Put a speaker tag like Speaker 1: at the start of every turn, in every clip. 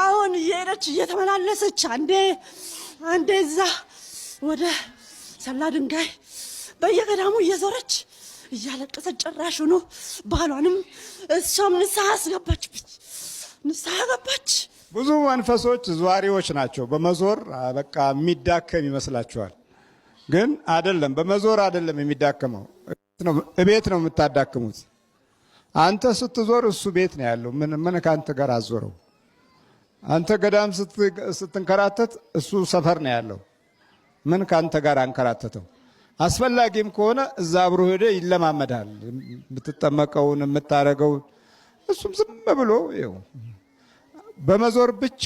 Speaker 1: አሁን እየሄደች እየተመላለሰች አንዴ አንዴ እዛ ወደ ሰላ ድንጋይ በየገዳሙ እየዞረች እያለቀሰች ጭራሽ ሆኖ ባሏንም እሷም ንስሐ አስገባችብኝ። ንስሐ ገባች።
Speaker 2: ብዙ መንፈሶች ዟሪዎች ናቸው። በመዞር በቃ የሚዳከም ይመስላችኋል፣ ግን አይደለም። በመዞር አይደለም የሚዳከመው፣ እቤት ነው የምታዳክሙት። አንተ ስትዞር እሱ ቤት ነው ያለው። ምን ከአንተ ጋር አዞረው? አንተ ገዳም ስትንከራተት እሱ ሰፈር ነው ያለው። ምን ከአንተ ጋር አንከራተተው? አስፈላጊም ከሆነ እዛ አብሮ ሄደ ይለማመዳል። የምትጠመቀውን የምታረገውን እሱም ዝም ብሎ ይኸው በመዞር ብቻ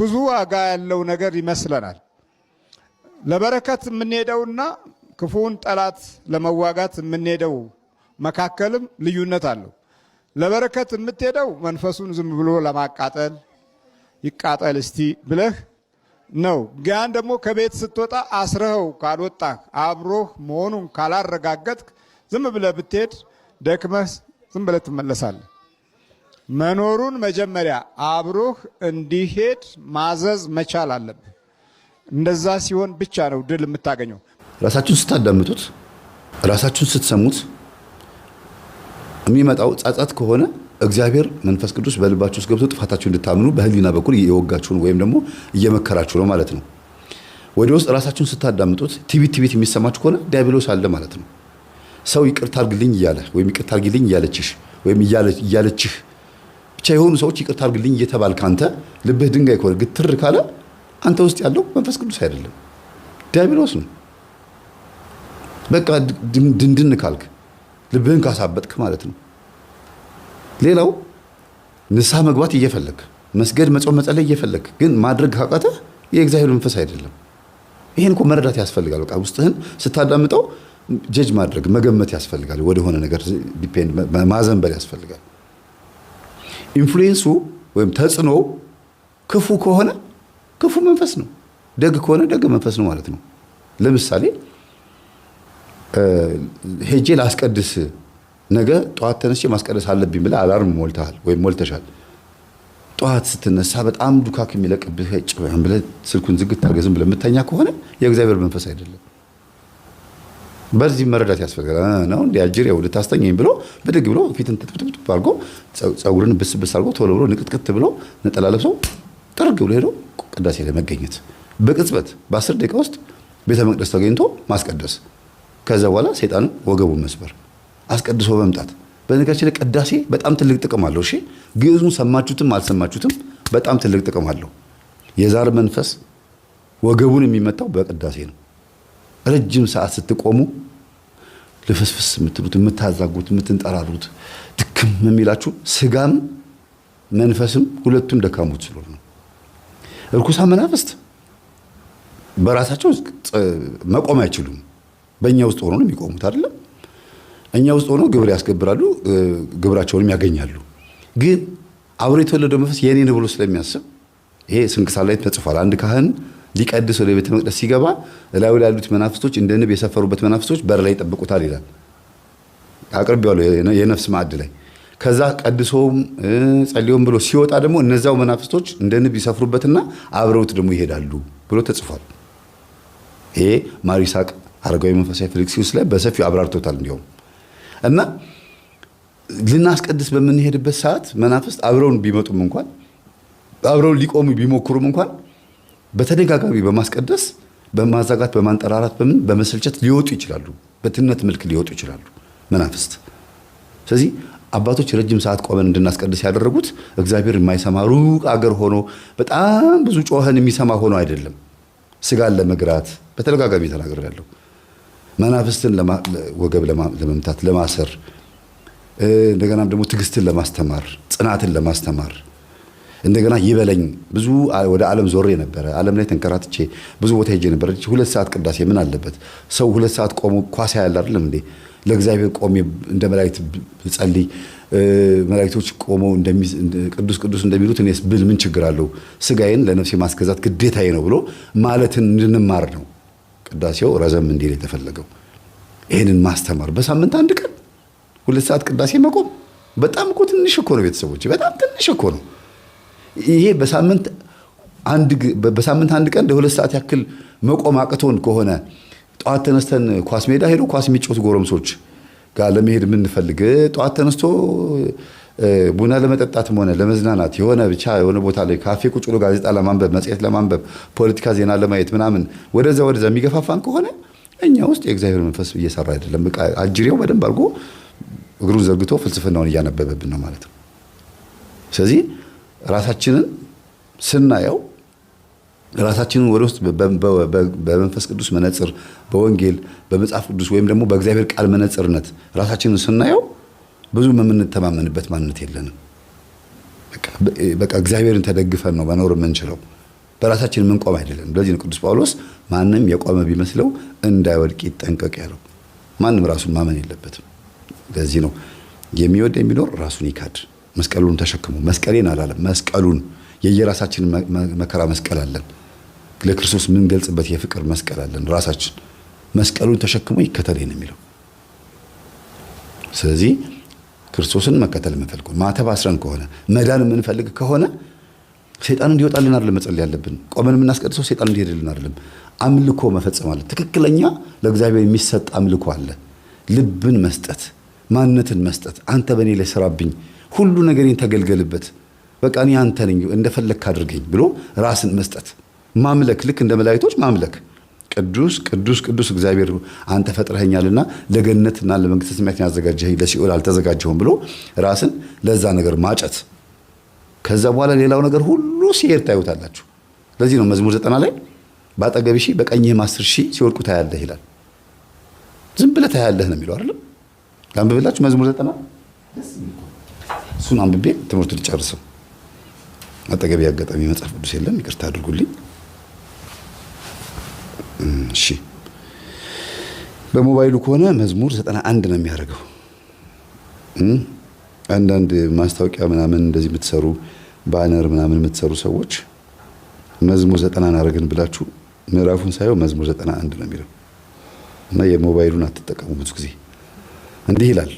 Speaker 2: ብዙ ዋጋ ያለው ነገር ይመስለናል። ለበረከት የምንሄደውና ክፉውን ጠላት ለመዋጋት የምንሄደው መካከልም ልዩነት አለው። ለበረከት የምትሄደው መንፈሱን ዝም ብሎ ለማቃጠል ይቃጠል እስቲ ብለህ ነው። ያን ደግሞ ከቤት ስትወጣ አስረኸው ካልወጣህ አብሮህ መሆኑን ካላረጋገጥክ ዝም ብለህ ብትሄድ ደክመህ ዝም ብለህ ትመለሳለህ። መኖሩን መጀመሪያ አብሮህ እንዲሄድ ማዘዝ መቻል አለብህ። እንደዛ ሲሆን ብቻ ነው ድል የምታገኘው።
Speaker 3: ራሳችሁን ስታዳምጡት፣ ራሳችሁን ስትሰሙት የሚመጣው ጸጸት ከሆነ እግዚአብሔር መንፈስ ቅዱስ በልባችሁ ውስጥ ገብቶ ጥፋታችሁ እንድታምኑ በህሊና በኩል እየወጋችሁን ወይም ደግሞ እየመከራችሁ ነው ማለት ነው። ወደ ውስጥ ራሳችሁን ስታዳምጡት ትቢት ትቢት የሚሰማችሁ ከሆነ ዲያብሎስ አለ ማለት ነው። ሰው ይቅርታ አርግልኝ እያለ ወይም ይቅርታ አርግልኝ እያለችሽ ወይም እያለችህ ብቻ የሆኑ ሰዎች ይቅርታ አርግልኝ እየተባልክ አንተ ልብህ ድንጋይ ከሆነ ግትር ካለ አንተ ውስጥ ያለው መንፈስ ቅዱስ አይደለም ዲያብሎስ ነው። በቃ ድንድን ካልክ ልብህን ካሳበጥክ ማለት ነው። ሌላው ንስሐ መግባት እየፈለግ መስገድ፣ መጾም፣ መጸለይ እየፈለግ ግን ማድረግ ካቃተህ የእግዚአብሔር መንፈስ አይደለም። ይሄን እኮ መረዳት ያስፈልጋል። በቃ ውስጥህን ስታዳምጠው ጀጅ ማድረግ መገመት ያስፈልጋል። ወደሆነ ነገር ዲፔንድ ማዘንበል ያስፈልጋል። ኢንፍሉዌንሱ ወይም ተጽዕኖ ክፉ ከሆነ ክፉ መንፈስ ነው፣ ደግ ከሆነ ደግ መንፈስ ነው ማለት ነው። ለምሳሌ ሄጄ ላስቀድስ ነገ ጠዋት ተነስቼ ማስቀደስ አለብኝ ብለህ አላርም ሞልተሃል ወይም ሞልተሻል። ጠዋት ስትነሳ በጣም ዱካክ የሚለቅብህ ጭበን ብለህ ስልኩን ዝግት ታገዝም ዝም ብለህ የምተኛ ከሆነ የእግዚአብሔር መንፈስ አይደለም። በዚህ መረዳት ያስፈልጋል። ነው እንዲ አጅሬው ልታስተኛኝ ብሎ ብድግ ብሎ ፊትን ትጥብጥብ አድርጎ ፀጉርን ብስብስ አድርጎ ቶሎ ብሎ ንቅጥቅት ብሎ ነጠላ ለብሰው ጥርግ ብሎ ሄዶ ቅዳሴ ለመገኘት በቅጽበት በአስር ደቂቃ ውስጥ ቤተ መቅደስ ተገኝቶ ማስቀደስ ከዛ በኋላ ሰይጣን ወገቡን መስበር አስቀድሶ በመምጣት በነገራችን ላይ ቅዳሴ በጣም ትልቅ ጥቅም አለው። እሺ ግዕዙን ሰማችሁትም አልሰማችሁትም በጣም ትልቅ ጥቅም አለው። የዛር መንፈስ ወገቡን የሚመታው በቅዳሴ ነው። ረጅም ሰዓት ስትቆሙ ልፍስፍስ የምትሉት የምታዛጉት፣ የምትንጠራሩት ድክም የሚላችሁ ስጋም መንፈስም ሁለቱም ደካሞች ስለሆኑ ነው። እርኩሳ መናፍስት በራሳቸው መቆም አይችሉም። በእኛ ውስጥ ሆኖ ነው የሚቆሙት አይደለም። እኛ ውስጥ ሆኖ ግብር ያስገብራሉ፣ ግብራቸውንም ያገኛሉ። ግን አብሮ የተወለደው መንፈስ የእኔ ነው ብሎ ስለሚያስብ ይሄ ስንክሳር ላይ ተጽፏል። አንድ ካህን ሊቀድስ ወደ ቤተ መቅደስ ሲገባ እላዩ ላይ ያሉት መናፍስቶች እንደ ንብ የሰፈሩበት መናፍስቶች በር ላይ ይጠብቁታል ይላል። አቅርቤዋለሁ የነፍስ ማዕድ ላይ። ከዛ ቀድሶም ጸልዮም ብሎ ሲወጣ ደግሞ እነዛው መናፍስቶች እንደ ንብ ይሰፍሩበትና አብረውት ደግሞ ይሄዳሉ ብሎ ተጽፏል። ይሄ ማር ይስሐቅ አረጋዊ መንፈሳዊ ፊልክስዩስ ላይ በሰፊው አብራርቶታል። እንዲሁም እና ልናስቀድስ በምንሄድበት ሰዓት መናፍስት አብረውን ቢመጡም እንኳን አብረውን ሊቆሙ ቢሞክሩም እንኳን በተደጋጋሚ በማስቀደስ በማዛጋት በማንጠራራት በምን በመሰልቸት ሊወጡ ይችላሉ። በትነት መልክ ሊወጡ ይችላሉ መናፍስት። ስለዚህ አባቶች ረጅም ሰዓት ቆመን እንድናስቀድስ ያደረጉት እግዚአብሔር የማይሰማ ሩቅ አገር ሆኖ በጣም ብዙ ጮኸን የሚሰማ ሆኖ አይደለም። ስጋን ለመግራት በተደጋጋሚ ተናግሬያለሁ። መናፍስትን ወገብ ለመምታት ለማሰር፣ እንደገናም ደግሞ ትግስትን ለማስተማር፣ ጽናትን ለማስተማር እንደገና ይበለኝ ብዙ ወደ ዓለም ዞሬ ነበረ። ዓለም ላይ ተንከራትቼ ብዙ ቦታ ሄጄ ነበረ። ሁለት ሰዓት ቅዳሴ ምን አለበት? ሰው ሁለት ሰዓት ቆሞ ኳስ ያለ አይደለም እንዴ? ለእግዚአብሔር ቆሜ እንደ መላእክት ብጸልይ መላእክቶች ቆመው ቅዱስ ቅዱስ እንደሚሉት እኔስ ብል ምን ችግር አለው? ስጋዬን ለነፍሴ ማስገዛት ግዴታዬ ነው ብሎ ማለትን እንድንማር ነው። ቅዳሴው ረዘም እንዲል የተፈለገው ይህንን ማስተማር በሳምንት አንድ ቀን ሁለት ሰዓት ቅዳሴ መቆም በጣም እኮ ትንሽ እኮ ነው ቤተሰቦች፣ በጣም ትንሽ እኮ ነው። ይሄ በሳምንት አንድ ቀን ለሁለት ሰዓት ያክል መቆም አቅቶን ከሆነ ጠዋት ተነስተን ኳስ ሜዳ ሄዶ ኳስ የሚጫወቱ ጎረምሶች ጋር ለመሄድ የምንፈልግ ጠዋት ተነስቶ ቡና ለመጠጣትም ሆነ ለመዝናናት የሆነ ብቻ የሆነ ቦታ ላይ ካፌ ቁጭሎ ጋዜጣ ለማንበብ መጽሔት ለማንበብ ፖለቲካ ዜና ለማየት ምናምን ወደዛ ወደዛ የሚገፋፋን ከሆነ እኛ ውስጥ የእግዚአብሔር መንፈስ እየሰራ አይደለም። አጅሬው በደንብ አድርጎ እግሩን ዘርግቶ ፍልስፍናውን እያነበበብን ነው ማለት ነው። ስለዚህ ራሳችንን ስናየው ራሳችንን ወደ ውስጥ በመንፈስ ቅዱስ መነጽር፣ በወንጌል፣ በመጽሐፍ ቅዱስ ወይም ደግሞ በእግዚአብሔር ቃል መነጽርነት ራሳችንን ስናየው ብዙ የምንተማመንበት ማንነት የለንም። በቃ እግዚአብሔርን ተደግፈን ነው መኖር የምንችለው። በራሳችን የምንቆም አይደለም። ለዚህ ነው ቅዱስ ጳውሎስ ማንም የቆመ ቢመስለው እንዳይወድቅ ይጠንቀቅ ያለው። ማንም ራሱን ማመን የለበትም። ለዚህ ነው የሚወድ የሚኖር ራሱን ይካድ፣ መስቀሉን ተሸክሞ መስቀሌን አላለም፣ መስቀሉን የየራሳችን መከራ መስቀል አለን። ለክርስቶስ የምንገልጽበት የፍቅር መስቀል አለን። ራሳችን መስቀሉን ተሸክሞ ይከተለኝ ነው የሚለው። ስለዚህ ክርስቶስን መከተል የምንፈልግ ማተብ አስረን ከሆነ መዳን የምንፈልግ ከሆነ ሰይጣን እንዲወጣልን አይደለም መጸለይ ያለብን። ቆመን የምናስቀድሰው ሰይጣን እንዲሄድልን አይደለም። አምልኮ መፈጸም አለ። ትክክለኛ ለእግዚአብሔር የሚሰጥ አምልኮ አለ። ልብን መስጠት፣ ማንነትን መስጠት። አንተ በእኔ ላይ ስራብኝ፣ ሁሉ ነገሬን ተገልገልበት፣ በቃ እኔ አንተ ነኝ፣ እንደፈለግክ አድርገኝ ብሎ ራስን መስጠት ማምለክ፣ ልክ እንደ መላእክቶች ማምለክ ቅዱስ ቅዱስ ቅዱስ እግዚአብሔር አንተ ፈጥረኸኛልና ለገነትና ለመንግስተ ሰማያት ያዘጋጀኸኝ ለሲኦል አልተዘጋጀሁም ብሎ ራስን ለዛ ነገር ማጨት። ከዛ በኋላ ሌላው ነገር ሁሉ ሲሄድ ታዩታላችሁ። ለዚህ ነው መዝሙር ዘጠና ላይ በአጠገብ ሺህ በቀኝህም አስር ሺህ ሲወድቁ ታያለህ ይላል። ዝም ብለህ ታያለህ ነው የሚለው አይደለም። ለአንብብላችሁ መዝሙር ዘጠና እሱን አንብቤ ትምህርቱ ልጨርሰው። አጠገቤ አጋጣሚ መጽሐፍ ቅዱስ የለም፣ ይቅርታ አድርጉልኝ። እሺ በሞባይሉ ከሆነ መዝሙር ዘጠና አንድ ነው የሚያደርገው። አንዳንድ ማስታወቂያ ምናምን እንደዚህ የምትሰሩ ባነር ምናምን የምትሰሩ ሰዎች መዝሙር ዘጠና እናደርግን ብላችሁ ምዕራፉን ሳየው መዝሙር ዘጠና አንድ ነው የሚለው እና የሞባይሉን አትጠቀሙ ብዙ ጊዜ እንዲህ ይላል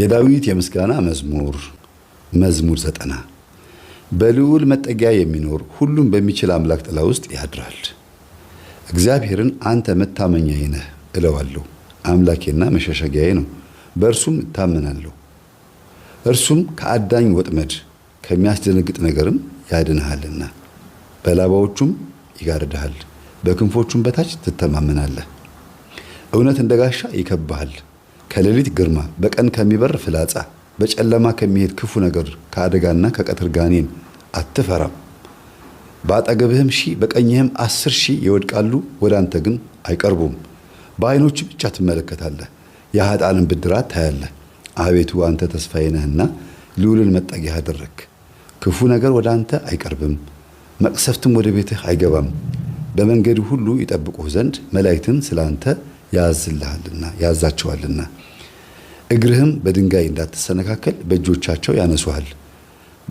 Speaker 3: የዳዊት የምስጋና መዝሙር መዝሙር ዘጠና በልዑል መጠጊያ የሚኖር ሁሉም በሚችል አምላክ ጥላ ውስጥ ያድራል። እግዚአብሔርን አንተ መታመኛዬ ነህ እለዋለሁ። አምላኬና መሸሸጊያዬ ነው፣ በእርሱም እታመናለሁ። እርሱም ከአዳኝ ወጥመድ ከሚያስደነግጥ ነገርም ያድንሃልና፣ በላባዎቹም ይጋርድሃል፣ በክንፎቹም በታች ትተማመናለህ። እውነት እንደ ጋሻ ይከብሃል፣ ከሌሊት ግርማ፣ በቀን ከሚበር ፍላጻ፣ በጨለማ ከሚሄድ ክፉ ነገር፣ ከአደጋና ከቀትር ጋኔን አትፈራም። በአጠገብህም ሺህ በቀኝህም አስር ሺህ ይወድቃሉ፣ ወደ አንተ ግን አይቀርቡም። በአይኖቹ ብቻ ትመለከታለህ፣ የኃጥአንን ብድራት ታያለህ። አቤቱ አንተ ተስፋዬ ነህና ልዑልን መጠጊያ አደረግክ። ክፉ ነገር ወደ አንተ አይቀርብም፣ መቅሰፍትም ወደ ቤትህ አይገባም። በመንገድ ሁሉ ይጠብቁህ ዘንድ መላእክትን ስለ አንተ ያዝልሃልና ያዛቸዋልና፣ እግርህም በድንጋይ እንዳትሰነካከል በእጆቻቸው ያነሱሃል።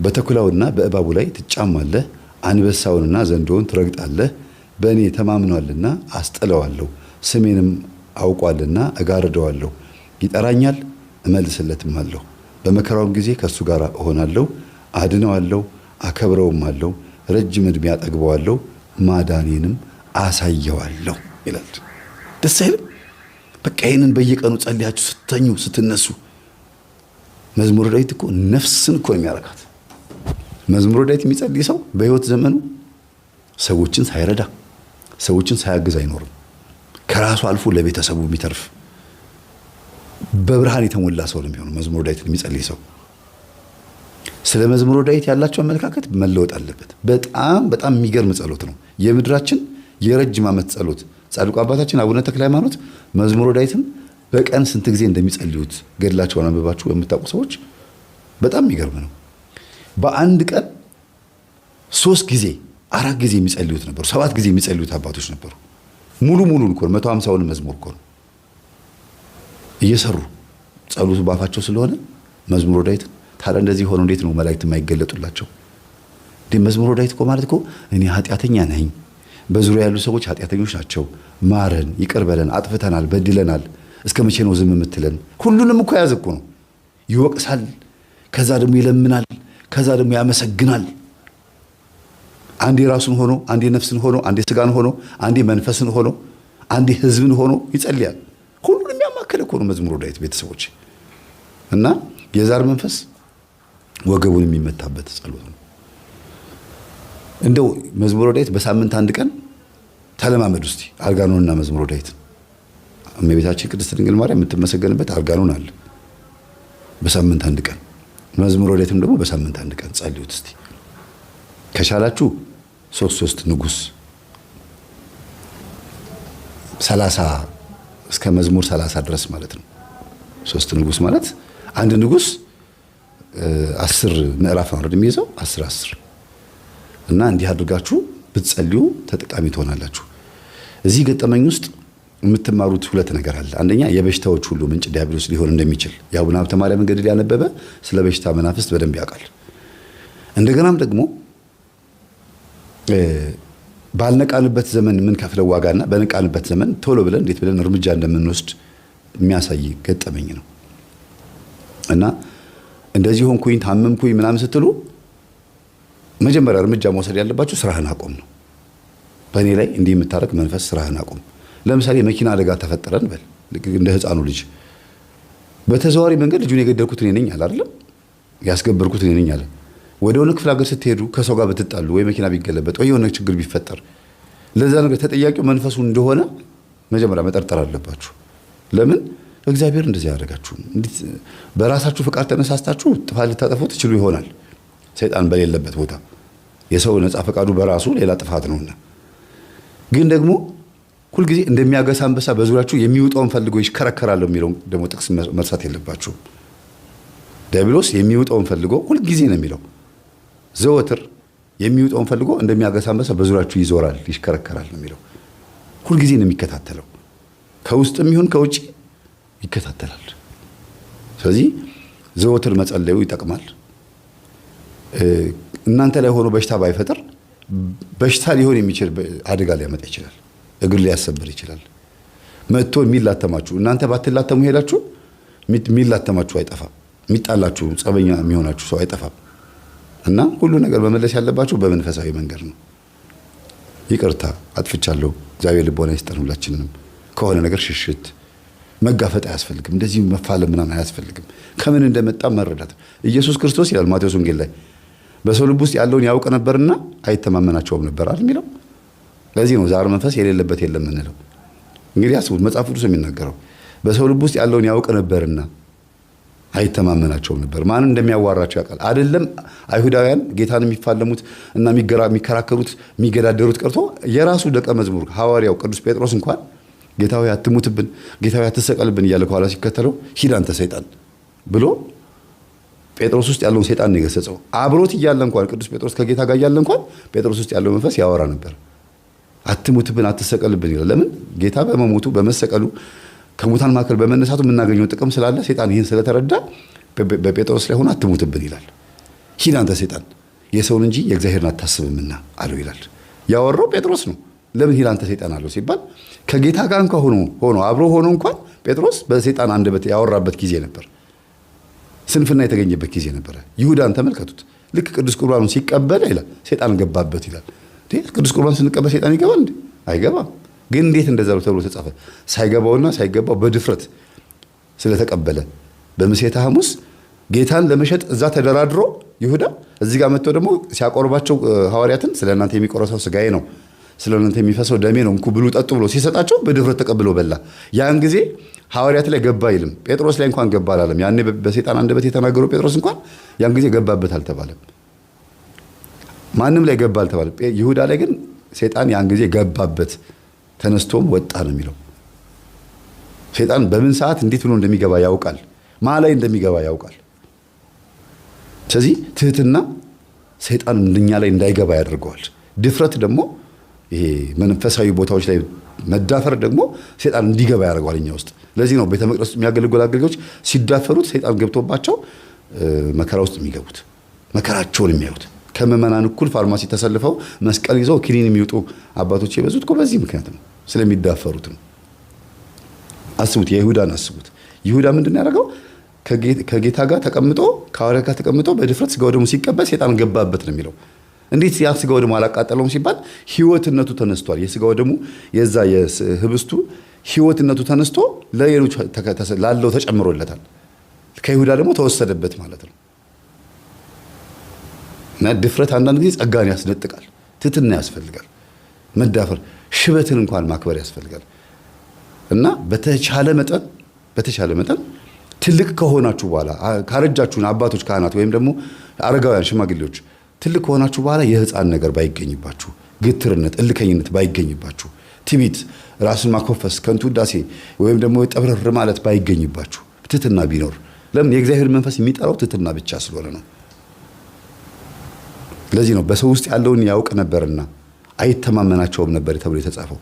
Speaker 3: በተኩላውና በእባቡ ላይ ትጫማለህ አንበሳውንና ዘንዶውን ትረግጣለህ፣ በእኔ ተማምኗልና አስጥለዋለሁ፣ ስሜንም አውቋልና እጋርደዋለሁ። ይጠራኛል፣ እመልስለትም አለሁ። በመከራውም ጊዜ ከእሱ ጋር እሆናለሁ፣ አድነዋለሁ፣ አከብረውም አለው። ረጅም ዕድሜ አጠግበዋለሁ፣ ማዳኔንም አሳየዋለሁ ይላል። ደስ አይልም? በቃ ይህንን በየቀኑ ጸልያችሁ ስተኙ ስትነሱ መዝሙር ዳዊት እኮ ነፍስን እኮ ነው የሚያረካት። መዝሙረ ዳዊት የሚጸልይ ሰው በህይወት ዘመኑ ሰዎችን ሳይረዳ ሰዎችን ሳያግዝ አይኖርም። ከራሱ አልፎ ለቤተሰቡ የሚተርፍ በብርሃን የተሞላ ሰው ለሚሆኑ መዝሙረ ዳዊትን የሚጸልይ ሰው ስለ መዝሙረ ዳዊት ያላቸው አመለካከት መለወጥ አለበት። በጣም በጣም የሚገርም ጸሎት ነው። የምድራችን የረጅም ዓመት ጸሎት ጻድቁ አባታችን አቡነ ተክለ ሃይማኖት መዝሙረ ዳዊትን በቀን ስንት ጊዜ እንደሚጸልዩት ገድላቸውን አንብባችሁ የምታውቁ ሰዎች በጣም የሚገርም ነው። በአንድ ቀን ሶስት ጊዜ አራት ጊዜ የሚጸልዩት ነበሩ። ሰባት ጊዜ የሚጸልዩት አባቶች ነበሩ። ሙሉ ሙሉ እንኮን መቶ ሀምሳውን መዝሙር እኮ ነው እየሰሩ ጸሎቱ ባፋቸው ስለሆነ መዝሙረ ዳዊት። ታዲያ እንደዚህ ሆነው እንዴት ነው መላእክት የማይገለጡላቸው? እንዴ መዝሙር ዳዊት እኮ ማለት እኮ እኔ ኃጢአተኛ ነኝ፣ በዙሪያ ያሉ ሰዎች ኃጢአተኞች ናቸው፣ ማረን፣ ይቅር በለን፣ አጥፍተናል፣ በድለናል፣ እስከ መቼ ነው ዝም የምትለን? ሁሉንም እኮ የያዘ እኮ ነው። ይወቅሳል፣ ከዛ ደግሞ ይለምናል ከዛ ደግሞ ያመሰግናል። አንዴ ራሱን ሆኖ፣ አንዴ ነፍስን ሆኖ፣ አንዴ ስጋን ሆኖ፣ አንዴ መንፈስን ሆኖ፣ አንዴ ህዝብን ሆኖ ይጸልያል። ሁሉንም የሚያማከለ ከሆኑ ነው መዝሙረ ዳዊት ቤተሰቦች እና የዛር መንፈስ ወገቡን የሚመታበት ጸሎት ነው። እንደው መዝሙረ ዳዊት በሳምንት አንድ ቀን ተለማመድ ውስጥ አርጋኖንና መዝሙረ ዳዊት እመቤታችን ቅድስት ድንግል ማርያም የምትመሰገንበት አርጋኖን አለ በሳምንት አንድ ቀን መዝሙረ ሌትም ደግሞ በሳምንት አንድ ቀን ጸልዩት እስቲ ከቻላችሁ ሶስት ሶስት ንጉስ ሰላሳ እስከ መዝሙር ሰላሳ ድረስ ማለት ነው። ሶስት ንጉስ ማለት አንድ ንጉስ አስር ምዕራፍ ነው የሚይዘው? አስር አስር እና እንዲህ አድርጋችሁ ብትጸልዩ ተጠቃሚ ትሆናላችሁ። እዚህ ገጠመኝ ውስጥ የምትማሩት ሁለት ነገር አለ። አንደኛ የበሽታዎች ሁሉ ምንጭ ዲያብሎስ ሊሆን እንደሚችል የአቡነ ሀብተ ማርያም ገድል ያነበበ ስለ በሽታ መናፍስት በደንብ ያውቃል። እንደገናም ደግሞ ባልነቃንበት ዘመን የምንከፍለው ዋጋና በነቃንበት ዘመን ቶሎ ብለን እንዴት ብለን እርምጃ እንደምንወስድ የሚያሳይ ገጠመኝ ነው እና እንደዚህ ሆንኩኝ ታመምኩኝ ምናምን ስትሉ መጀመሪያ እርምጃ መውሰድ ያለባችሁ ስራህን አቆም ነው። በእኔ ላይ እንዲህ የምታደርግ መንፈስ ስራህን አቆም። ለምሳሌ መኪና አደጋ ተፈጠረ እንበል፣ እንደ ህፃኑ ልጅ በተዘዋዋሪ መንገድ ልጁን የገደልኩት እኔ ነኝ አለ አይደለም፣ ያስገበርኩት እኔ ነኝ አለ። ወደ ሆነ ክፍለ ሀገር ስትሄዱ ከሰው ጋር ብትጣሉ ወይ መኪና ቢገለበጥ ወይ የሆነ ችግር ቢፈጠር ለዛ ነገር ተጠያቂው መንፈሱ እንደሆነ መጀመሪያ መጠርጠር አለባችሁ። ለምን እግዚአብሔር እንደዚህ ያደረጋችሁ? በራሳችሁ ፍቃድ ተነሳስታችሁ ጥፋት ልታጠፉ ትችሉ ይሆናል። ሰይጣን በሌለበት ቦታ የሰው ነፃ ፈቃዱ በራሱ ሌላ ጥፋት ነውና ግን ደግሞ ሁልጊዜ እንደሚያገሳ አንበሳ በዙሪያችሁ የሚውጣውን ፈልጎ ይሽከረከራል የሚለው ደግሞ ጥቅስ መርሳት የለባችሁም። ዲያብሎስ የሚውጣውን ፈልጎ ሁልጊዜ ነው የሚለው ዘወትር የሚውጣውን ፈልጎ እንደሚያገሳ አንበሳ በዙሪያችሁ ይዞራል፣ ይሽከረከራል ነው የሚለው። ሁልጊዜ ነው የሚከታተለው፣ ከውስጥ የሚሆን ከውጭ ይከታተላል። ስለዚህ ዘወትር መጸለዩ ይጠቅማል። እናንተ ላይ ሆኖ በሽታ ባይፈጥር በሽታ ሊሆን የሚችል አደጋ ሊያመጣ ይችላል። እግር ሊያሰብር ይችላል። መጥቶ የሚላተማችሁ እናንተ ባትላተሙ ሄዳችሁ የሚላተማችሁ አይጠፋም። የሚጣላችሁ ጸበኛ የሚሆናችሁ ሰው አይጠፋም። እና ሁሉ ነገር መመለስ ያለባችሁ በመንፈሳዊ መንገድ ነው። ይቅርታ አጥፍቻለሁ፣ እግዚአብሔር ልቦና ይስጠን። ሁላችንንም ከሆነ ነገር ሽሽት መጋፈጥ አያስፈልግም። እንደዚህ መፋለም ምናምን አያስፈልግም። ከምን እንደመጣ መረዳት ኢየሱስ ክርስቶስ ይላል ማቴዎስ ወንጌል ላይ በሰው ልብ ውስጥ ያለውን ያውቅ ነበርና አይተማመናቸውም ነበር አይደል የሚለው ለዚህ ነው ዛር መንፈስ የሌለበት የለም የምንለው እንግዲህ አስቡት፣ መጽሐፍ ቅዱስ የሚናገረው በሰው ልብ ውስጥ ያለውን ያውቅ ነበርና አይተማመናቸውም ነበር። ማን እንደሚያዋራቸው ያውቃል። አይደለም አይሁዳውያን ጌታን የሚፋለሙት እና የሚከራከሩት የሚገዳደሩት ቀርቶ የራሱ ደቀ መዝሙር ሐዋርያው ቅዱስ ጴጥሮስ እንኳን ጌታዊ አትሙትብን፣ ጌታዊ አትሰቀልብን እያለ ከኋላ ሲከተለው ሂድ አንተ ሰይጣን ብሎ ጴጥሮስ ውስጥ ያለውን ሰይጣን ነው የገሰጸው። አብሮት እያለ እንኳን ቅዱስ ጴጥሮስ ከጌታ ጋር እያለ እንኳን ጴጥሮስ ውስጥ ያለው መንፈስ ያወራ ነበር። አትሙትብን አትሰቀልብን ይላል። ለምን ጌታ በመሞቱ በመሰቀሉ ከሙታን መካከል በመነሳቱ የምናገኘው ጥቅም ስላለ ሴጣን ይህን ስለተረዳ በጴጥሮስ ላይ ሆኖ አትሙትብን ይላል። ሂድ አንተ ሴጣን የሰውን እንጂ የእግዚአብሔርን አታስብምና አለው ይላል። ያወራው ጴጥሮስ ነው። ለምን ሂድ አንተ ሴጣን አለው ሲባል ከጌታ ጋር እንኳ ሆኖ አብሮ ሆኖ እንኳን ጴጥሮስ በሴጣን አንደበት ያወራበት ጊዜ ነበር። ስንፍና የተገኘበት ጊዜ ነበረ። ይሁዳን ተመልከቱት። ልክ ቅዱስ ቁርባኑን ሲቀበል ይላል ሴጣን ገባበት ይላል። ቅዱስ ቁርባን ስንቀበል ሰይጣን ይገባል እንዴ? አይገባ። ግን እንዴት እንደዛ ነው ተብሎ ተጻፈ? ሳይገባውና ሳይገባው በድፍረት ስለተቀበለ በምሴተ ሐሙስ ጌታን ለመሸጥ እዛ ተደራድሮ ይሁዳ እዚህ ጋር መጥቶ ደግሞ ሲያቆርባቸው ሐዋርያትን ስለ እናንተ የሚቆረሰው ስጋዬ ነው፣ ስለ እናንተ የሚፈሰው ደሜ ነው፣ እንኩ ብሉ ጠጡ ብሎ ሲሰጣቸው በድፍረት ተቀብሎ በላ። ያን ጊዜ ሐዋርያት ላይ ገባ አይልም። ጴጥሮስ ላይ እንኳን ገባ አላለም። ያኔ በሴጣን አንደበት የተናገረው ጴጥሮስ እንኳን ያን ጊዜ ገባበት አልተባለም። ማንም ላይ ገባ አልተባለ። ይሁዳ ላይ ግን ሴጣን ያን ጊዜ ገባበት፣ ተነስቶም ወጣ ነው የሚለው። ሴጣን በምን ሰዓት እንዴት ሆኖ እንደሚገባ ያውቃል፣ ማ ላይ እንደሚገባ ያውቃል። ስለዚህ ትህትና ሰይጣን እኛ ላይ እንዳይገባ ያደርገዋል። ድፍረት ደግሞ ይሄ መንፈሳዊ ቦታዎች ላይ መዳፈር ደግሞ ሰይጣን እንዲገባ ያደርገዋል እኛ ውስጥ። ለዚህ ነው ቤተ መቅደስ የሚያገለግሉ አገልጋዮች ሲዳፈሩት ሰይጣን ገብቶባቸው መከራ ውስጥ የሚገቡት መከራቸውን የሚያዩት ከምእመናን እኩል ፋርማሲ ተሰልፈው መስቀል ይዘው ኪኒን የሚውጡ አባቶች የበዙት እኮ በዚህ ምክንያት ነው፣ ስለሚዳፈሩት ነው። አስቡት፣ የይሁዳን አስቡት። ይሁዳ ምንድን ያደረገው? ከጌታ ጋር ተቀምጦ ከሐዋርያ ጋር ተቀምጦ በድፍረት ስጋ ወደሙ ሲቀበል ሴጣን ገባበት ነው የሚለው። እንዴት ያ ስጋ ወደሙ አላቃጠለውም ሲባል ህይወትነቱ ተነስቷል። የስጋ ወደሙ የዛ የህብስቱ ህይወትነቱ ተነስቶ ለሌሎች ላለው ተጨምሮለታል። ከይሁዳ ደግሞ ተወሰደበት ማለት ነው። እና ድፍረት አንዳንድ ጊዜ ጸጋን ያስነጥቃል። ትትና ያስፈልጋል። መዳፈር፣ ሽበትን እንኳን ማክበር ያስፈልጋል እና በተቻለ መጠን በተቻለ መጠን ትልቅ ከሆናችሁ በኋላ ካረጃችሁን አባቶች፣ ካህናት ወይም ደግሞ አረጋውያን ሽማግሌዎች ትልቅ ከሆናችሁ በኋላ የህፃን ነገር ባይገኝባችሁ፣ ግትርነት፣ እልከኝነት ባይገኝባችሁ፣ ትቢት፣ ራስን ማኮፈስ፣ ከንቱ ውዳሴ ወይም ደግሞ ጠብረር ማለት ባይገኝባችሁ፣ ትትና ቢኖር ለምን የእግዚአብሔር መንፈስ የሚጠራው ትትና ብቻ ስለሆነ ነው። ለዚህ ነው በሰው ውስጥ ያለውን ያውቅ ነበርና አይተማመናቸውም ነበር ተብሎ የተጻፈው።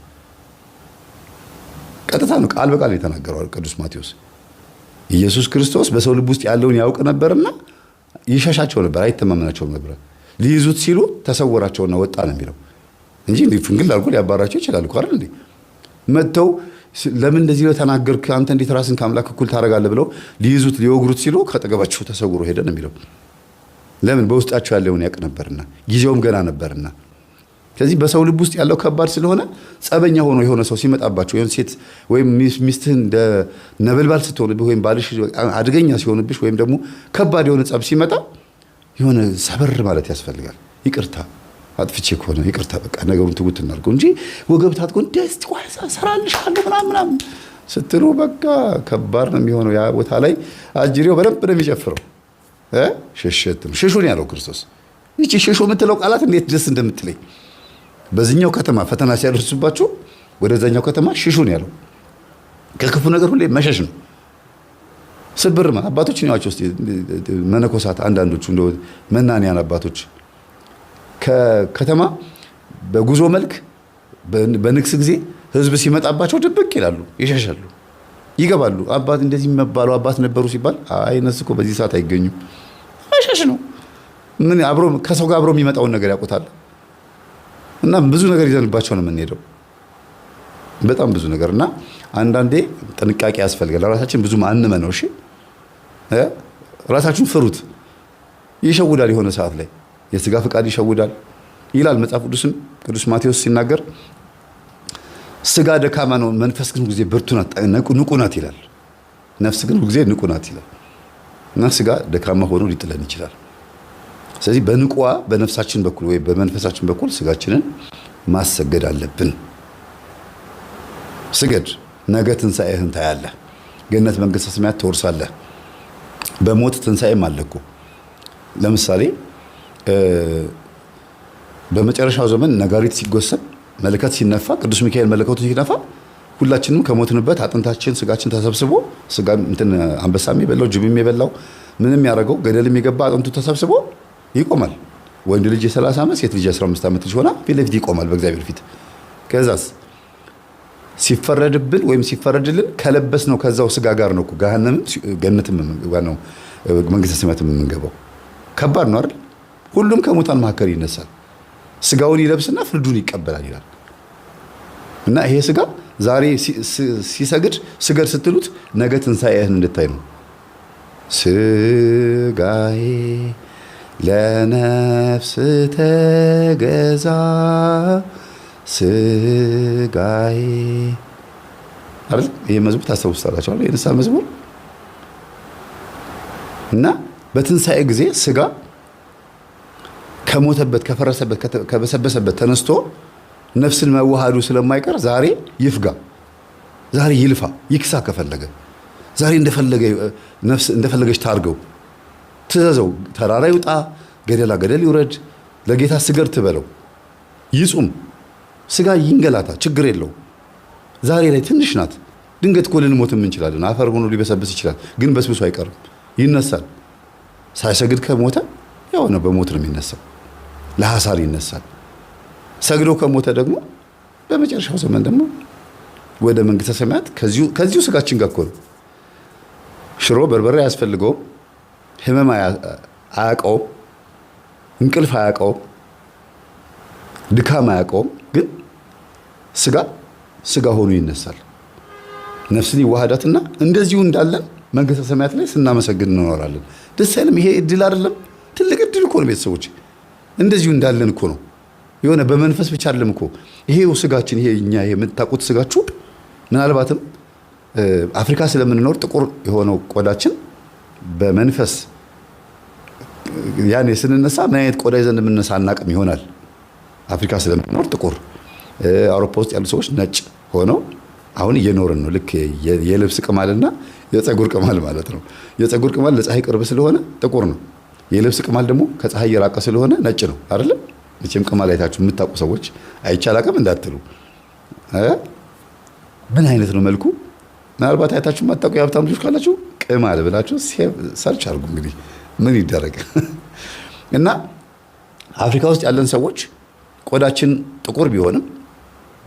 Speaker 3: ቀጥታ ነው ቃል በቃል የተናገረው ቅዱስ ማቴዎስ። ኢየሱስ ክርስቶስ በሰው ልብ ውስጥ ያለውን ያውቅ ነበርና ይሸሻቸው ነበር፣ አይተማመናቸውም ነበር። ሊይዙት ሲሉ ተሰወራቸውና ወጣ ነው የሚለው እንጂ እንዲህ ፍንግል አድርጎ ሊያባራቸው ይችላል እኮ አይደል? መጥተው ለምን እንደዚህ ነው ተናገርክ? አንተ እንዴት ራስን ከአምላክ እኩል ታደርጋለህ? ብለው ሊይዙት ሊወግሩት ሲሉ ከጠገባቸው ተሰውሮ ሄደ ነው የሚለው። ለምን በውስጣቸው ያለውን ያውቅ ነበርና ጊዜውም ገና ነበርና። ስለዚህ በሰው ልብ ውስጥ ያለው ከባድ ስለሆነ ጸበኛ ሆኖ የሆነ ሰው ሲመጣባቸው ወይም ሴት ወይም ሚስትህን ነበልባል ስትሆንብህ ወይም ባልሽ አደገኛ ሲሆንብሽ ወይም ደግሞ ከባድ የሆነ ጸብ ሲመጣ የሆነ ሰበር ማለት ያስፈልጋል። ይቅርታ አጥፍቼ ከሆነ ይቅርታ፣ በቃ ነገሩን ትጉት እናድርገው እንጂ ወገብ ታጥቆ ደስ ሰራልሻለሁ ምናምን ምናምን ስትሉ በቃ ከባድ ነው የሚሆነው። ያ ቦታ ላይ አጅሬው በደንብ ነው የሚጨፍረው። ሸሸትም ሸሾን ያለው ክርስቶስ ይቺ ሸሾ የምትለው ቃላት እንዴት ደስ እንደምትለኝ በዚህኛው ከተማ ፈተና ሲያደርሱባቸው ወደዛኛው ከተማ ሽሹን ያለው ከክፉ ነገር ሁሌ መሸሽ ነው። ስብር አባቶች አባቶችን መነኮሳት አንዳንዶቹ እንደ መናንያን አባቶች ከከተማ በጉዞ መልክ በንግስ ጊዜ ህዝብ ሲመጣባቸው ድብቅ ይላሉ፣ ይሸሻሉ፣ ይገባሉ። አባት እንደዚህ የሚባሉ አባት ነበሩ ሲባል አይ እነሱ እኮ በዚህ ሰዓት አይገኙም። መዋሸሽ ነው። ምን አብሮ ከሰው ጋር አብሮ የሚመጣውን ነገር ያውቁታል። እና ብዙ ነገር ይዘንባቸው ነው የምንሄደው፣ በጣም ብዙ ነገር እና አንዳንዴ ጥንቃቄ ያስፈልጋል። ራሳችን ማንመ ነው። እሺ ራሳችሁን ፍሩት። ይሸውዳል፣ የሆነ ሰዓት ላይ የስጋ ፈቃድ ይሸውዳል ይላል መጽሐፍ ቅዱስም። ቅዱስ ማቴዎስ ሲናገር ስጋ ደካማ ነው፣ መንፈስ ግን ሁልጊዜ ብርቱ ናት፣ ንቁ ናት ይላል። ነፍስ ግን ሁልጊዜ ንቁ ናት ይላል። እና ስጋ ደካማ ሆኖ ሊጥለን ይችላል። ስለዚህ በንቋ በነፍሳችን በኩል ወይም በመንፈሳችን በኩል ስጋችንን ማሰገድ አለብን። ስገድ፣ ነገ ትንሣኤህን ታያለህ፣ ገነት መንግሥተ ሰማያት ትወርሳለህ። በሞት ትንሣኤም አለ ለምሳሌ በመጨረሻው ዘመን ነጋሪት ሲጎሰን መለከት ሲነፋ፣ ቅዱስ ሚካኤል መለከቱ ሲነፋ ሁላችንም ከሞትንበት አጥንታችን ስጋችን ተሰብስቦ ስጋ እንትን አንበሳም የበላው ጅብም የበላው ምንም ያደረገው ገደልም የገባ አጥንቱ ተሰብስቦ ይቆማል። ወንድ ልጅ የ30 ዓመት ሴት ልጅ 15 ዓመት ልጅ ሆና ፊት ለፊት ይቆማል በእግዚአብሔር ፊት። ከዛስ ሲፈረድብን ወይም ሲፈረድልን ከለበስ ነው ከዛው ስጋ ጋር ነው ገሃነምም ገነትም ነው መንግስተ የምንገባው። ከባድ ነው አይደል? ሁሉም ከሙታን መካከል ይነሳል። ስጋውን ይለብስና ፍርዱን ይቀበላል ይላል እና ይሄ ስጋ ዛሬ ሲሰግድ ስገድ ስትሉት ነገ ትንሣኤህን እንድታይ ነው። ስጋዬ ለነፍስ ተገዛ፣ ስጋዬ አይደል? ይህ መዝሙር ታስታውሱታላችኋል። የንስሐ መዝሙር እና በትንሣኤ ጊዜ ስጋ ከሞተበት ከፈረሰበት ከበሰበሰበት ተነስቶ ነፍስን መዋሃዱ ስለማይቀር ዛሬ ይፍጋ፣ ዛሬ ይልፋ፣ ይክሳ። ከፈለገ ዛሬ እንደፈለገ ነፍስ እንደፈለገች ታርገው፣ ትዘዘው። ተራራ ይውጣ፣ ገደላ ገደል ይውረድ፣ ለጌታ ስገድ ትበለው። ይጹም፣ ስጋ ይንገላታ፣ ችግር የለው። ዛሬ ላይ ትንሽ ናት። ድንገት እኮ ልንሞትም እንችላለን። አፈር ሆኖ ሊበሰብስ ይችላል፣ ግን በስብሱ አይቀርም፣ ይነሳል። ሳይሰግድ ከሞተ የሆነ በሞት ነው የሚነሳው፣ ለሐሳር ይነሳል። ሰግዶ ከሞተ ደግሞ በመጨረሻው ዘመን ደግሞ ወደ መንግስተ ሰማያት ከዚሁ ስጋችን ጋር እኮ ነው። ሽሮ በርበሬ አያስፈልገውም። ህመም አያውቀውም። እንቅልፍ አያውቀውም። ድካም አያውቀውም። ግን ስጋ ስጋ ሆኖ ይነሳል። ነፍስን ይዋሃዳትና እንደዚሁ እንዳለን መንግስተ ሰማያት ላይ ስናመሰግን እንኖራለን። ደስ አይልም? ይሄ እድል አይደለም? ትልቅ እድል እኮ ነው። ቤተሰቦች እንደዚሁ እንዳለን እኮ ነው። የሆነ በመንፈስ ብቻ አይደለም እኮ ይሄው ስጋችን፣ ይሄ እኛ የምታውቁት ስጋችሁ ምናልባትም አፍሪካ ስለምንኖር ጥቁር የሆነው ቆዳችን በመንፈስ ያኔ ስንነሳ ምን አይነት ቆዳ ይዘን የምንነሳ አናቅም ይሆናል። አፍሪካ ስለምንኖር ጥቁር፣ አውሮፓ ውስጥ ያሉ ሰዎች ነጭ ሆነው አሁን እየኖርን ነው። ልክ የልብስ ቅማልና የፀጉር ቅማል ማለት ነው። የፀጉር ቅማል ለፀሐይ ቅርብ ስለሆነ ጥቁር ነው። የልብስ ቅማል ደግሞ ከፀሐይ የራቀ ስለሆነ ነጭ ነው አይደለም? መቼም ቅማል አይታችሁ የምታውቁ ሰዎች አይቻል አቅም እንዳትሉ። ምን አይነት ነው መልኩ? ምናልባት አይታችሁ የማታውቁ የሀብታም ልጆች ካላችሁ ቅማል ብላችሁ ሰርች አድርጉ። እንግዲህ ምን ይደረግ እና አፍሪካ ውስጥ ያለን ሰዎች ቆዳችን ጥቁር ቢሆንም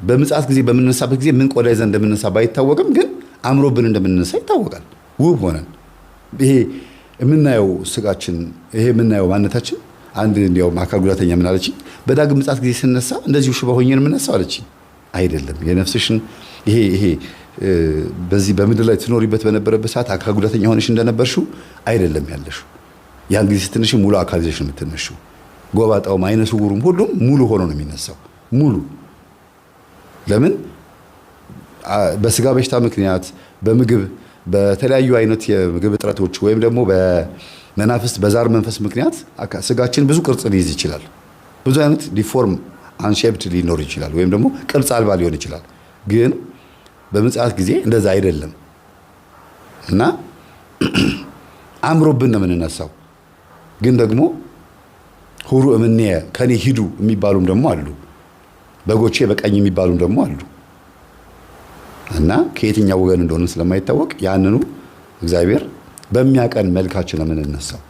Speaker 3: በምጽአት ጊዜ በምንነሳበት ጊዜ ምን ቆዳ ይዘን እንደምንነሳ ባይታወቅም ግን አምሮብን እንደምንነሳ ይታወቃል። ውብ ሆነን ይሄ የምናየው ስጋችን ይሄ የምናየው ማነታችን አንድ እንዲያውም አካል ጉዳተኛ ምን አለች፣ በዳግም ምጽአት ጊዜ ስነሳ እንደዚሁ ሽባ ሆኜ ነው የምነሳው አለች። አይደለም የነፍስሽን ይሄ ይሄ በዚህ በምድር ላይ ትኖሪበት በነበረበት ሰዓት አካል ጉዳተኛ ሆነሽ እንደነበርሽው አይደለም ያለሽው። ያን ጊዜ ስትነሽ ሙሉ አካል ይዘሽ ነው የምትነሺው። ጎባጣውም አይነ ስውሩም ሁሉም ሙሉ ሆኖ ነው የሚነሳው። ሙሉ ለምን በስጋ በሽታ ምክንያት በምግብ በተለያዩ አይነት የምግብ እጥረቶች ወይም ደግሞ መናፍስት በዛር መንፈስ ምክንያት ስጋችን ብዙ ቅርጽ ሊይዝ ይችላል። ብዙ አይነት ዲፎርም አንሼፕድ ሊኖር ይችላል፣ ወይም ደግሞ ቅርጽ አልባ ሊሆን ይችላል። ግን በምጽአት ጊዜ እንደዛ አይደለም እና አእምሮብን ነው የምንነሳው። ግን ደግሞ ሁሩ እምኔየ ከኔ ሂዱ የሚባሉም ደግሞ አሉ፣ በጎቼ በቀኝ የሚባሉም ደግሞ አሉ እና ከየትኛው ወገን እንደሆነ ስለማይታወቅ ያንኑ እግዚአብሔር በሚያቀን መልካችን ነው የምንነሳው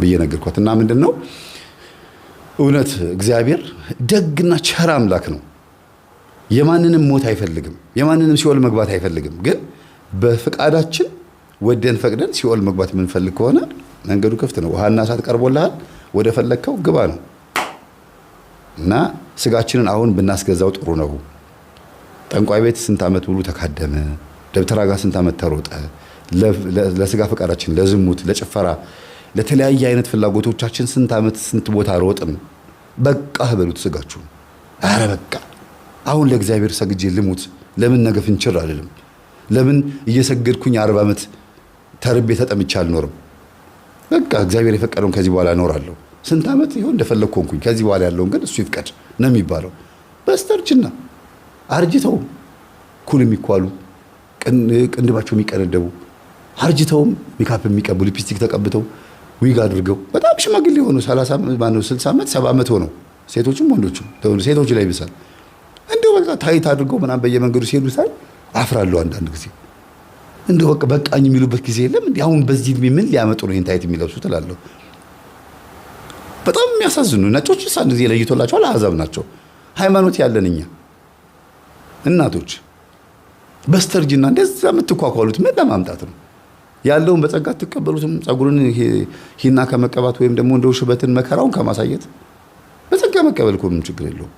Speaker 3: ብዬ ነገርኳት እና ምንድን ነው እውነት እግዚአብሔር ደግና ቸር አምላክ ነው። የማንንም ሞት አይፈልግም። የማንንም ሲኦል መግባት አይፈልግም። ግን በፍቃዳችን ወደን ፈቅደን ሲኦል መግባት የምንፈልግ ከሆነ መንገዱ ክፍት ነው። ውሃና እሳት ቀርቦልሃል። ወደ ፈለግከው ግባ ነው እና ስጋችንን አሁን ብናስገዛው ጥሩ ነው። ጠንቋይ ቤት ስንት ዓመት ሙሉ ተካደመ። ደብተራ ጋር ስንት ዓመት ተሮጠ። ለስጋ ፈቃዳችን፣ ለዝሙት፣ ለጭፈራ፣ ለተለያየ አይነት ፍላጎቶቻችን ስንት ዓመት ስንት ቦታ ሮጥን። በቃ በሉት ስጋችሁ። አረ በቃ አሁን ለእግዚአብሔር ሰግጄ ልሙት። ለምን ነገ ፍንችር አይደለም? ለምን እየሰገድኩኝ አርባ ዓመት ተርቤ ተጠምቼ አልኖርም? በቃ እግዚአብሔር የፈቀደውን ከዚህ በኋላ እኖራለሁ። ስንት ዓመት ይሆን እንደፈለግኩ ሆንኩኝ። ከዚህ በኋላ ያለውን ግን እሱ ይፍቀድ ነው የሚባለው። በስተርጅና አርጅተው ኩል የሚኳሉ ቅንድባቸው የሚቀነደቡ አርጅተውም ሜካፕ የሚቀቡ ሊፕስቲክ ተቀብተው ዊግ አድርገው በጣም ሽማግሌ የሆኑ 30 ማነው 60 ዓመት 70 ዓመት ሆነው ሴቶችም ወንዶችም ሴቶች ላይ ይብሳል እንደው በቃ ታይት አድርገው ምናምን በየመንገዱ ሲሄዱ ሳይ አፍራለሁ። አንዳንድ ጊዜ እንደው በቃ በቃኝ የሚሉበት ጊዜ የለም። እንዲህ አሁን በዚህ እድሜ ምን ሊያመጡ ነው ይህን ታይት የሚለብሱ ትላለሁ። በጣም የሚያሳዝኑ ነጮች አንድ ጊዜ ለይቶላቸዋል። አሕዛብ ናቸው። ሃይማኖት ያለን እኛ እናቶች በስተርጅና እንደዛ የምትኳኳሉት ምን ለማምጣት ነው? ያለውን በጸጋ አትቀበሉትም? ጸጉርን ሂና ከመቀባት ወይም ደግሞ እንደው ሽበትን መከራውን ከማሳየት በጸጋ መቀበል እኮ ምንም ችግር የለውም።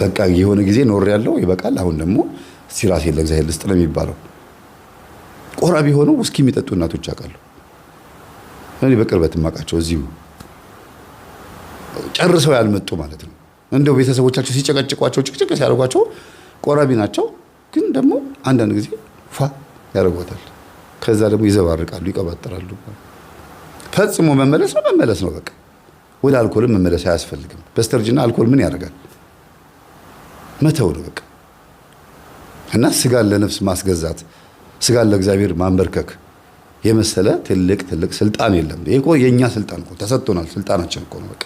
Speaker 3: በቃ የሆነ ጊዜ ኖር ያለው ይበቃል። አሁን ደግሞ ሲራሴ ለእግዚአብሔር ልስጥ ነው የሚባለው። ቆራቢ ሆነው ውስኪ የሚጠጡ እናቶች አውቃለሁ። እኔ በቅርበት የማውቃቸው እዚሁ ጨርሰው ያልመጡ ማለት ነው። እንደው ቤተሰቦቻቸው ሲጨቀጭቋቸው ጭቅጭቅ ሲያደርጓቸው ቆራቢ ናቸው፣ ግን ደግሞ አንዳንድ ጊዜ ፋ ያደርጓታል። ከዛ ደግሞ ይዘባርቃሉ፣ ይቀባጠራሉ። ፈጽሞ መመለስ ነው መመለስ ነው በቃ። ወደ አልኮልም መመለስ አያስፈልግም። በስተርጅና አልኮል ምን ያደርጋል? መተው ነው በቃ። እና ስጋን ለነፍስ ማስገዛት ስጋን ለእግዚአብሔር ማንበርከክ የመሰለ ትልቅ ትልቅ ስልጣን የለም። ይሄ እኮ የእኛ ስልጣን እኮ ተሰጥቶናል። ስልጣናችን እኮ ነው በቃ።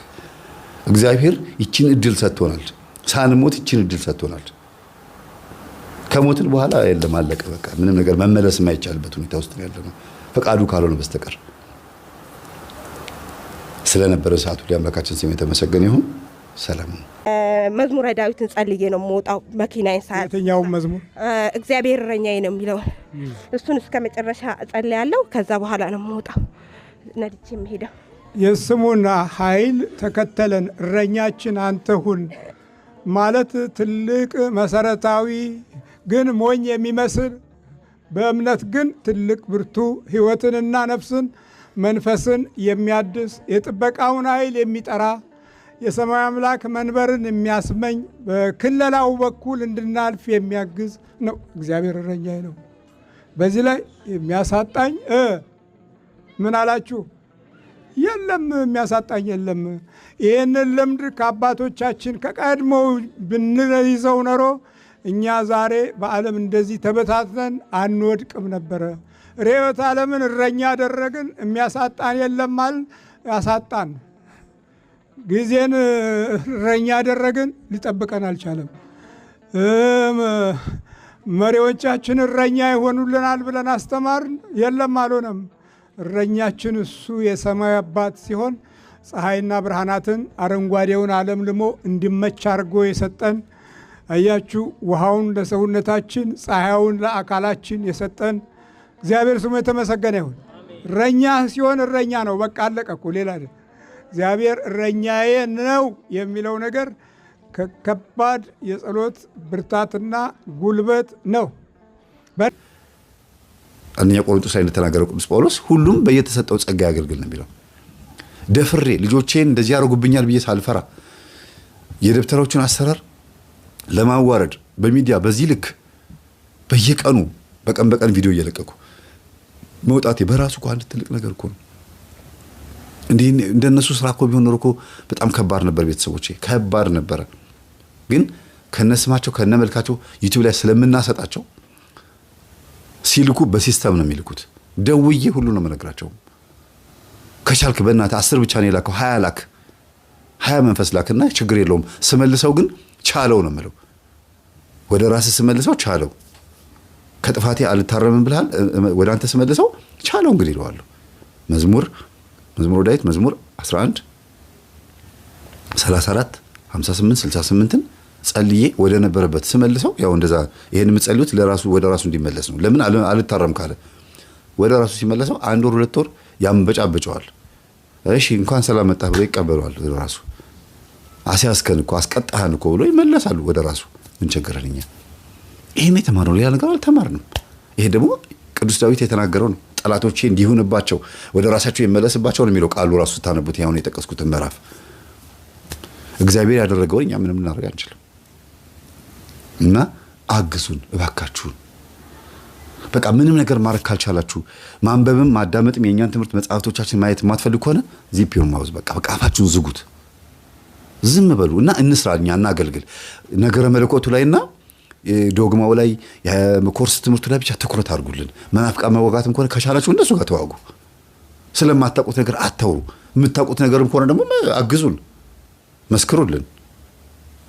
Speaker 3: እግዚአብሔር ይችን እድል ሰጥቶናል። ሳንሞት ይችን እድል ሰጥቶናል። ከሞትን በኋላ የለም አለቀ፣ በቃ ምንም ነገር መመለስ የማይቻልበት ሁኔታ ውስጥ ነው ያለነው ፈቃዱ ካልሆነ በስተቀር ስለነበረ ሰዓቱ ለአምላካችን ስም የተመሰገነ ይሁን። ሰላም
Speaker 4: መዝሙረ ዳዊትን ጸልዬ ነው የምወጣው መኪናዬን ሰዓት የትኛውን መዝሙር እግዚአብሔር እረኛዬ ነው የሚለው እሱን እስከ መጨረሻ ጸልያለሁ። ከዛ በኋላ ነው የምወጣው ነድቼ
Speaker 5: የምሄደው። የስሙና ኃይል ተከተለን እረኛችን አንተሁን ማለት ትልቅ መሰረታዊ ግን ሞኝ የሚመስል በእምነት ግን ትልቅ ብርቱ ሕይወትንና ነፍስን መንፈስን የሚያድስ የጥበቃውን ኃይል የሚጠራ የሰማይ አምላክ መንበርን የሚያስመኝ በክለላው በኩል እንድናልፍ የሚያግዝ ነው። እግዚአብሔር እረኛዬ ነው። በዚህ ላይ የሚያሳጣኝ ምን አላችሁ? የለም የሚያሳጣኝ የለም። ይህንን ልምድ ከአባቶቻችን ከቀድሞ ብንይዘው ነሮ? እኛ ዛሬ በዓለም እንደዚህ ተበታትነን አንወድቅም ነበረ። ርዕዮተ ዓለምን እረኛ ደረግን የሚያሳጣን የለም አልን፣ ያሳጣን። ጊዜን እረኛ ደረግን ሊጠብቀን አልቻለም። መሪዎቻችን እረኛ ይሆኑልናል ብለን አስተማርን፣ የለም አልሆነም። እረኛችን እሱ የሰማይ አባት ሲሆን ፀሐይና ብርሃናትን አረንጓዴውን ዓለም ልሞ እንዲመች አድርጎ የሰጠን አያችሁ፣ ውሃውን ለሰውነታችን፣ ፀሐያውን ለአካላችን የሰጠን እግዚአብሔር ስሙ የተመሰገነ ይሁን። እረኛ ሲሆን እረኛ ነው። በቃ አለቀ እኮ ሌላ እግዚአብሔር እረኛዬ ነው የሚለው ነገር ከባድ የጸሎት ብርታትና ጉልበት ነው።
Speaker 3: አንደኛ ቆሮንጦስ ላይ እንደተናገረው ቅዱስ ጳውሎስ ሁሉም በየተሰጠው ጸጋ ያገልግል ነው የሚለው። ደፍሬ ልጆቼን እንደዚህ ያደርጉብኛል ብዬ ሳልፈራ የደብተሮችን አሰራር ለማዋረድ በሚዲያ በዚህ ልክ በየቀኑ በቀን በቀን ቪዲዮ እየለቀቁ መውጣቴ በራሱ እኮ አንድ ትልቅ ነገር እኮ ነው። እንዲህ እንደነሱ ስራ እኮ ቢሆን ኖሮ እኮ በጣም ከባድ ነበር፣ ቤተሰቦቼ ከባድ ነበረ። ግን ከነስማቸው ከነመልካቸው ዩቱብ ላይ ስለምናሰጣቸው ሲልኩ በሲስተም ነው የሚልኩት። ደውዬ ሁሉ ነው መነግራቸው ከቻልክ በእናትህ አስር ብቻ ነው የላከው፣ ሀያ ላክ ሀያ መንፈስ ላክና ችግር የለውም ስመልሰው ግን ቻለው ነው የምለው። ወደ ራስ ስመልሰው ቻለው፣ ከጥፋቴ አልታረምም ብልሃል። ወደ አንተ ስመልሰው ቻለው እንግዲህ ይለዋለሁ። መዝሙር መዝሙር ዳዊት መዝሙር 11 34 58 68ን ጸልዬ ወደ ነበረበት ስመልሰው ያው እንደዛ ይሄን የምጸልዩት ለራሱ ወደ ራሱ እንዲመለስ ነው። ለምን አልታረም ካለ ወደ ራሱ ሲመለሰው አንድ ወር ሁለት ወር ያንበጫበጨዋል። እሺ እንኳን ሰላም መጣህ ብሎ ይቀበለዋል ራሱ አስያዝከን እኮ አስቀጣህን እኮ ብሎ ይመለሳሉ ወደ ራሱ። ምን ቸገረን እኛ? ይህን የተማርነው ሌላ ነገር አልተማርንም። ይሄ ደግሞ ቅዱስ ዳዊት የተናገረው ነው። ጠላቶቼ እንዲሁንባቸው ወደ ራሳቸው ይመለስባቸው ነው የሚለው ቃሉ ራሱ ስታነቡት፣ ያሁን የጠቀስኩትን ምዕራፍ እግዚአብሔር ያደረገውን እኛ ምንም ልናደርግ አንችልም። እና አግዙን እባካችሁን። በቃ ምንም ነገር ማድረግ ካልቻላችሁ ማንበብም ማዳመጥም የእኛን ትምህርት መጽሐፍቶቻችን ማየት የማትፈልግ ከሆነ ዚፕ ማውዝ በቃ በቃ አፋችሁን ዝጉት። ዝም በሉ እና እንስራ እኛ እናገልግል። ነገረ መለኮቱ ላይና ዶግማው ላይ የኮርስ ትምህርቱ ላይ ብቻ ትኩረት አድርጉልን። መናፍቃ መወጋትም ከሆነ ከቻላችሁ እነሱ ጋር ተዋጉ። ስለማታውቁት ነገር አተው የምታውቁት ነገርም ከሆነ ደግሞ አግዙን፣ መስክሩልን።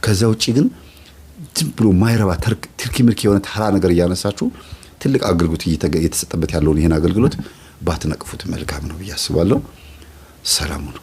Speaker 3: ከዛ ውጭ ግን ዝም ብሎ ማይረባ ትርኪ ምርኪ የሆነ ተራ ነገር እያነሳችሁ ትልቅ አገልግሎት እየተሰጠበት ያለውን ይህን አገልግሎት ባትነቅፉት መልካም ነው ብዬ አስባለሁ። ሰላሙ ነው።